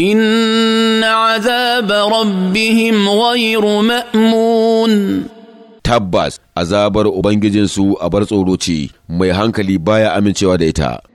إن عذاب ربهم غير مأمون tabbas azabar Ubangijinsu a bar tsoro ce, mai hankali baya amincewa da ita.